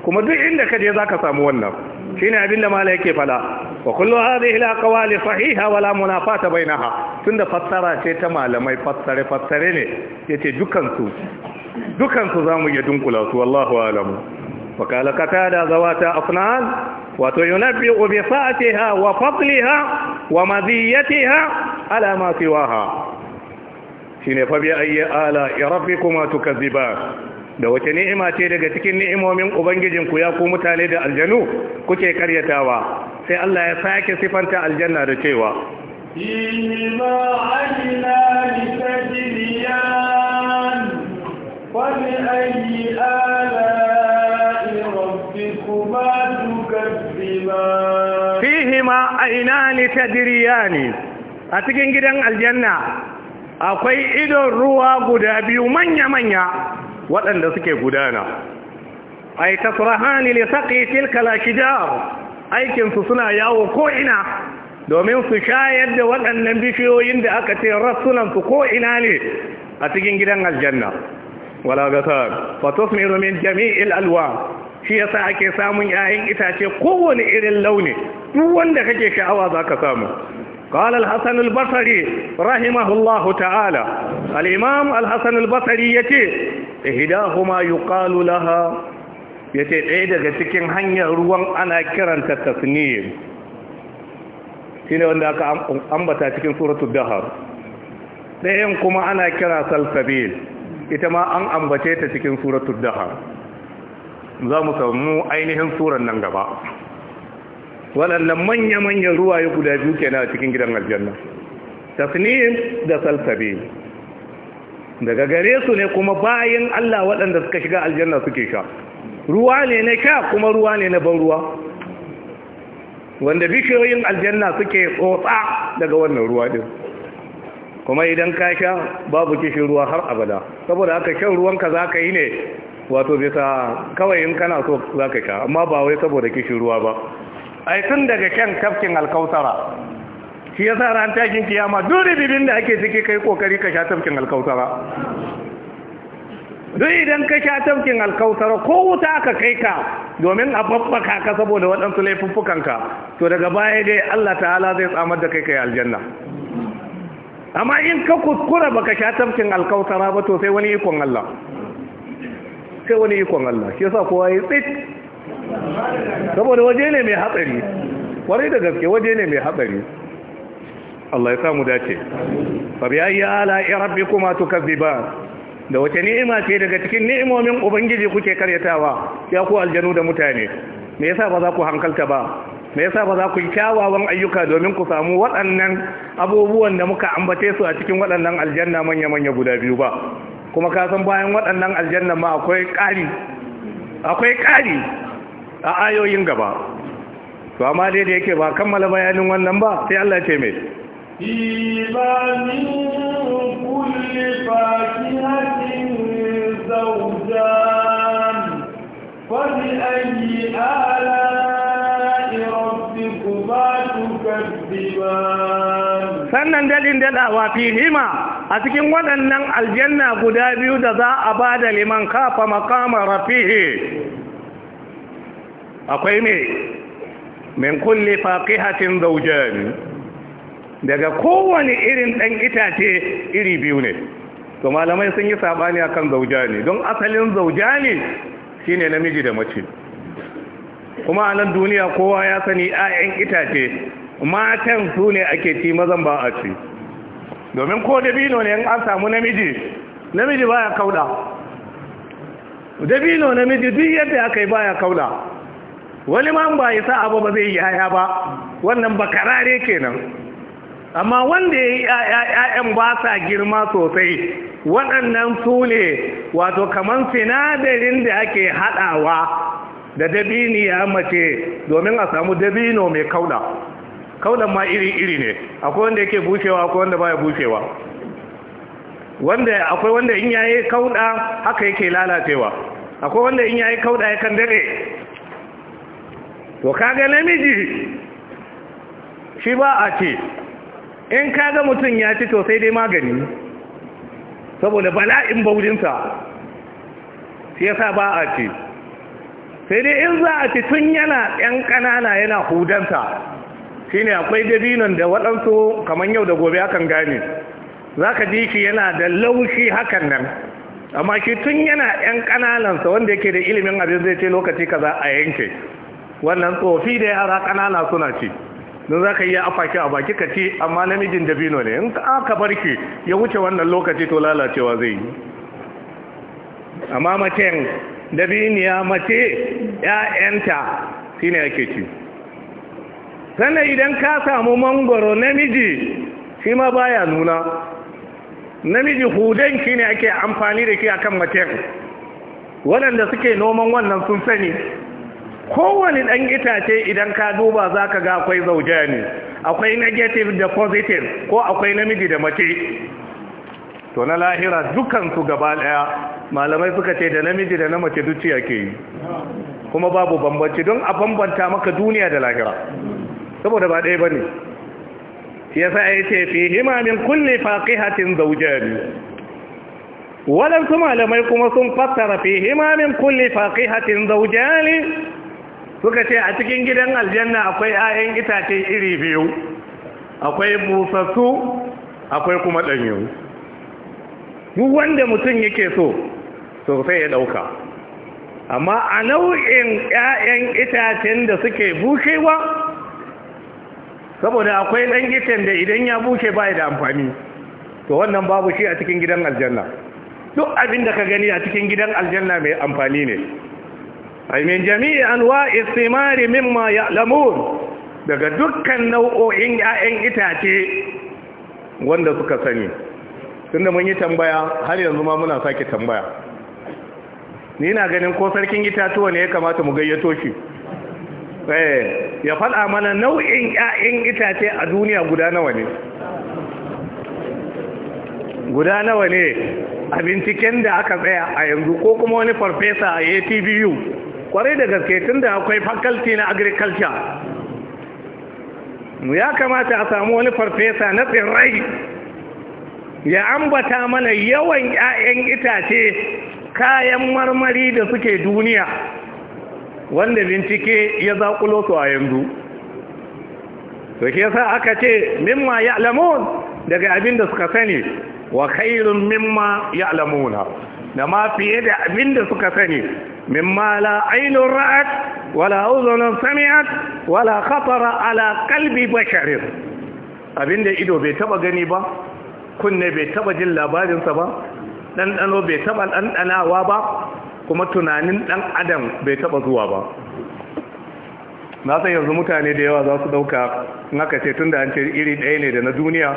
A: kuma duk inda ka je za ka samu wannan Shi ne abin da mala yake fala wa kullu hadhihi al-aqwali sahiha wala munafata bainaha tunda fassara ce ta malamai fassare fassare ne yace dukan su dukan su zamu iya dunkula su wallahu alamu وقال قتادة ذوات أفنان وتنبئ بسعتها وفضلها ومزيتها على ما سواها شين فبأي آلاء ربكما تكذبان da wace ni'ima ce daga cikin ni'imomin ubangijinku ya ku mutane da aljanu kuke karyatawa sai Allah ya sake sifanta aljanna da cewa فيهما عينان
B: تجريان فبأي ala. fihima تكذبان
A: فيهما عينان A cikin gidan aljanna. akwai idon ruwa guda biyu manya-manya waɗanda suke gudana ai tasrahani li saqi tilka lakijar aikinsu suna yawo ko'ina domin su shayar da waɗannan bishiyoyin da aka ce rassunansu ko'ina ne a cikin gidan aljanna wala gasar fatos mai rumin jami'il alwa shi yasa ake samun 'ya'yan itace kowane irin launi duk wanda kake sha'awa zaka samu قال الحسن البصري رحمه الله تعالى الإمام الحسن البصري يتي إهداهما يقال لها يتي إيدا تكين هنيا روان أنا كران تتصنيم شنو عندك أنبتا تكين سورة الدهر ɗayan kuma ana kira salsabil ita ma an ambace ta cikin suratul za mu samu ainihin tsoron nan gaba waɗannan manya-manyan ruwaye guda biyu ke na cikin gidan aljanna tasnim da salsabe daga gare su ne kuma bayan Allah waɗanda suka shiga aljanna suke sha ruwa ne na sha kuma ruwa ne na ban ruwa wanda bishiyoyin aljanna suke tsotsa daga wannan ruwa din kuma idan ka sha babu kishin ruwa har abada saboda haka shan ruwanka za ka yi ne wato bisa kawai in kana so za ka sha amma ba wai saboda kishin ruwa ba ai tun daga kyan tafkin alkautara shi ya sa ran takin kiyama duri bibin da ake ciki kai kokari ka sha tafkin alkautara duk idan ka sha tafkin alkautara ko wuta ka kai ka domin a babbaka ka saboda waɗansu laifuffukanka to daga baya dai Allah ta'ala zai tsamar da kai kai aljanna amma in ka kuskura baka sha tafkin alkautara ba to sai wani ikon Allah sai wani ikon Allah shi yasa kowa ya tsit saboda waje ne mai hatsari kwarai da gaske waje ne mai hatsari Allah ya samu dace fa bi ayyi ala rabbikuma tukazziban da wace ni'ima ce daga cikin ni'imomin ubangiji kuke karyatawa ya ku aljanu da mutane me yasa ba za ku hankalta ba me yasa ba za ku yi kyawawan ayyuka domin ku samu waɗannan abubuwan da muka ambace su a cikin waɗannan aljanna manya-manya guda biyu ba kuma ka san bayan waɗannan aljanna ma akwai ƙari akwai ƙari a ayoyin gaba to amma dai da yake ba kammala bayanin wannan ba sai Allah ce mai imanin kulli
B: fakihatin zawjan
A: sannan dalin wa fihima a cikin waɗannan aljanna guda biyu da za a ba da liman kafa makama rafihi akwai ne min kulli hatin zaujen daga kowane irin ɗan itace iri biyu ne to malamai sun yi a akan zaujani don asalin zaujani shine namiji da mace kuma a nan duniya kowa ya sani 'ya'yan itace matan su ne ake ci mazan ba a ci domin ko dabino ne an samu namiji namiji baya kauda dabino namiji duk yadda aka yi baya kauda wani ma ba ya sa ba zai yi yaya ba wannan ba karare kenan amma wanda ya yi ‘ya'yan ba sa girma sosai waɗannan su ne wato kamar sinadarin da ake haɗawa da dabini ya mace domin a samu dabino mai kauda kaulan ma iri-iri ne akwai wanda yake bushewa akwai wanda baya bushewa wanda akwai wanda in yayi kauda haka yake lalacewa akwai wanda in yayi kauda ya kan dare to kaga namiji shi ba a ce in kaga mutum ya ci to sai dai magani saboda bala'in baurinsa shi yasa ba a ce sai dai in za a ci tun yana 'yan ƙanana yana hudanta shine akwai dabinon da waɗansu kamar yau da gobe akan gane za ka ji shi yana da laushi hakan nan amma shi tun yana 'yan ƙananansa wanda yake da ilimin abin zai ce lokaci kaza a yanke wannan tsofi da yara ƙanana suna ci don za ka yi afaki a baki ka ci amma namijin dabino ne in aka ki ya wuce wannan lokaci to lalacewa zai yi amma mace dabiniya mace 'ya'yanta shine ake ci sannan idan ka samu mangoro namiji shi ma baya nuna namiji shi ne ake amfani da shi akan mace waɗanda suke noman wannan sun sani kowane ɗan itace idan ka duba za ka ga akwai zauja ne akwai negative da positive ko akwai namiji da mace to na lahira dukansu gaba ɗaya malamai suka ce da namiji da na mace duci ke yi kuma babu bambanci don a bambanta maka duniya da lahira saboda ba ɗaya ba ne. Ya bane yasa yace fihima min kulle faqihatin hatin zaujari. Waɗansu malamai kuma sun fassara fihima min kulli hatin zaujari. suka ce a cikin gidan aljanna akwai 'ya'yan itace iri biyu akwai busassu akwai kuma ɗanyu duk wanda mutum yake so sosai ya ɗauka amma a nau'in 'ya'yan itacen da suke bushewa saboda akwai ɗan gitan da idan ya bushe ba da amfani to wannan babu shi a cikin gidan aljanna duk abin da ka gani a cikin gidan aljanna mai amfani ne min jami'i wa istimari mimma ya'lamun daga dukkan nau'o'in 'ya'yan itace wanda suka sani tunda mun yi tambaya har yanzu ma muna sake tambaya ni na ganin ko sarkin itatuwa ne ya kamata mu gayyato shi Eh, ya faɗa mana nau'in 'ya'yan itace a duniya guda nawa ne guda nawa ne a binciken da aka tsaya a yanzu ko kuma wani farfesa a atbu kwarai da gaske tun da akwai faculty na agriculture ya kamata a samu wani farfesa na tsirrai ya ambata mana yawan 'ya'yan itace kayan marmari da suke duniya wanda bincike ya zaƙulo su a yanzu to ke yasa aka ce mimma ya'lamun daga abin da suka sani wa khairun mimma ya'lamuna da ma fiye da abin da suka sani mimma la ainun ra'at wala uzunun sami'at wala khatara ala kalbi basharin abin da ido bai taba gani ba kunne bai taba jin labarinsa ba ɗanɗano bai taba ɗanɗanawa ba kuma tunanin dan adam bai taba zuwa ba na san yanzu mutane da yawa za su dauka in aka ce tunda an ce iri ɗaya ne da na duniya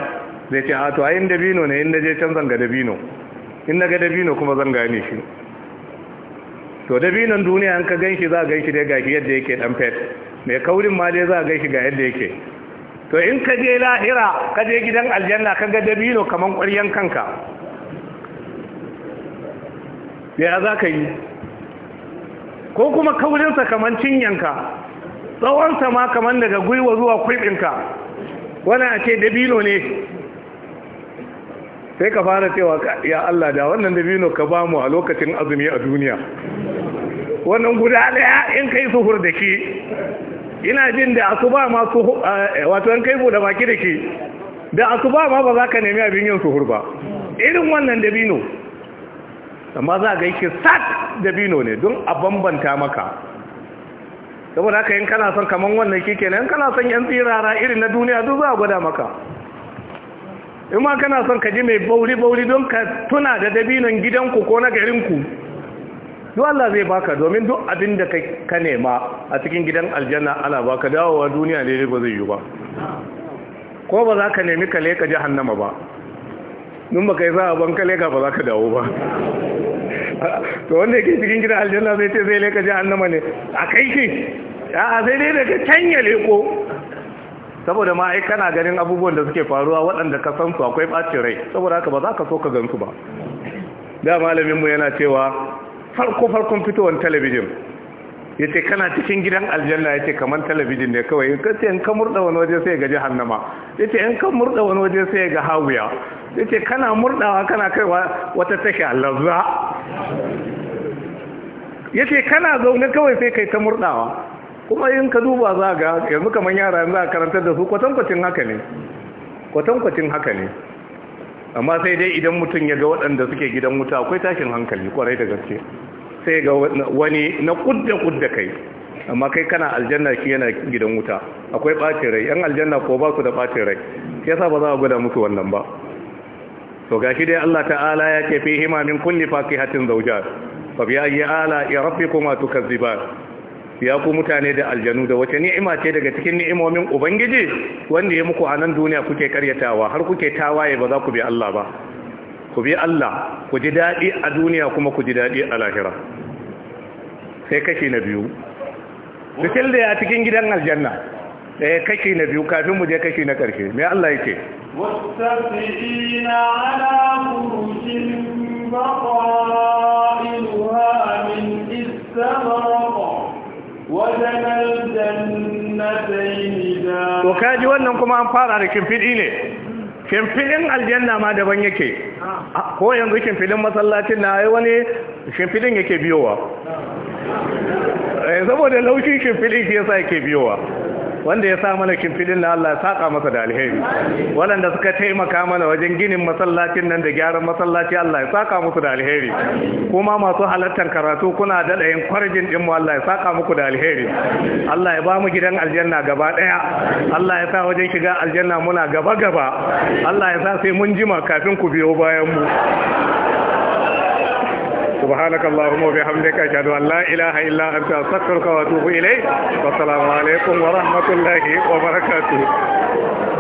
A: zai ce a to ayin dabino ne in je can zanga dabino in na ga dabino kuma zan gane shi to dabinon duniya an ka gan shi za a gan shi dai gashi yadda yake dan fet mai kaurin ma dai za a gan shi ga yadda yake to in ka je lahira ka je gidan aljanna ka ga dabino kaman ƙwaryen kanka ya za ka yi ko kuma kaurinsa kamar cinyanka tsawonsa ma kamar daga gwiwa zuwa kwaibinka wani a ce dabino ne sai ka fara cewa ya Allah da wannan dabino ka ba mu a lokacin azumi a duniya wannan guda daya in kai suhur da ke ina jin da asuba ma su eh, wato an kai da baki da ke da ba ma ba za ka nemi abin yin suhur ba irin wannan dabino amma za ga yake sat dabino ne don a bambanta maka saboda haka yin kana son kamar wannan kike nan kana son yan tsirara irin na duniya duk za a gwada maka in ma kana son ka ji mai bauri bauri don ka tuna da dabinon gidanku ko na garinku duk Allah zai baka domin duk abin da ka nema a cikin gidan aljanna ala ba ka dawowa duniya ne ba zai yi ba ko ba za ka nemi ka leka jahannama ba nun ba kai za a banka leka ba za ka dawo ba to wanda yake cikin gida aljanna zai ce zai leka jahannama ne a kai shi a sai dai daga can ya leko saboda ma ai kana ganin abubuwan da suke faruwa waɗanda ka san su akwai ɓacin rai saboda haka ba za ka so ka gansu ba da malaminmu yana cewa farko farkon fitowar talabijin ya ce kana cikin gidan aljanna ya ce kamar talabijin ne kawai ya ce in ka murda wani waje sai ga jahannama ya ce in ka murda wani waje sai ga hawiya ya ce kana murdawa kana kaiwa wata tasha lazza ya ce kana zaune kawai sai kai ta murdawa kuma yin ka duba za ga yanzu kamar yara yanzu a karantar da su kwatankwacin haka ne kwatankwacin haka ne amma sai dai idan mutum ya ga waɗanda suke gidan wuta akwai tashin hankali kwarai da gaske sai ga wani na kudda kudda kai amma kai kana aljanna shi yana gidan wuta akwai ɓacin rai yan aljanna ko ba su da ɓacin rai ya sa ba za a gwada musu wannan ba to gashi dai Allah ta'ala ya ce fi hima min kulli fakihatin zawjat fa bi yi ala ya rabbikuma tukazziban ya ku mutane da aljanu da wace ni'ima ce daga cikin ni'imomin ubangiji wanda ya muku a nan duniya kuke karyatawa har kuke tawaye ba za ku bi Allah ba ku bi Allah ku ji daɗi a duniya kuma ku ji daɗi a lahira sai kashi na biyu Bikin da ya cikin gidan aljanna ɗaya eh, kashi na biyu kafin mu je kashi na ƙarshe mai Allah yake
B: wasafi'ina min nida kaji wannan kuma
A: an fara da kimfiɗi ne shimfidin aljanna ma daban yake ko yanzu shimfidin masallacin na yi wani shimfidin yake biyowa eh, saboda laushin shimfidin shi yasa yake biyowa wanda ya sa mana kimfilin na Allah saƙa masa da alheri waɗanda suka taimaka mana wajen ginin masallacin nan da gyaran masallaci Allah ya saƙa musu da alheri kuma masu halartar karatu kuna daɗa yin kwarjin ɗin mu Allah ya saƙa muku da alheri Allah ya ba mu gidan aljanna gaba ɗaya Allah ya sa wajen shiga aljanna muna gaba gaba Allah ya sa sai mun jima kafin ku biyo bayan mu subhanakallahumma wa bihamdika ashhadu an la ilaha illa anta astaghfiruka wa atubu ilayk wa assalamu alaikum wa rahmatullahi wa
B: barakatu.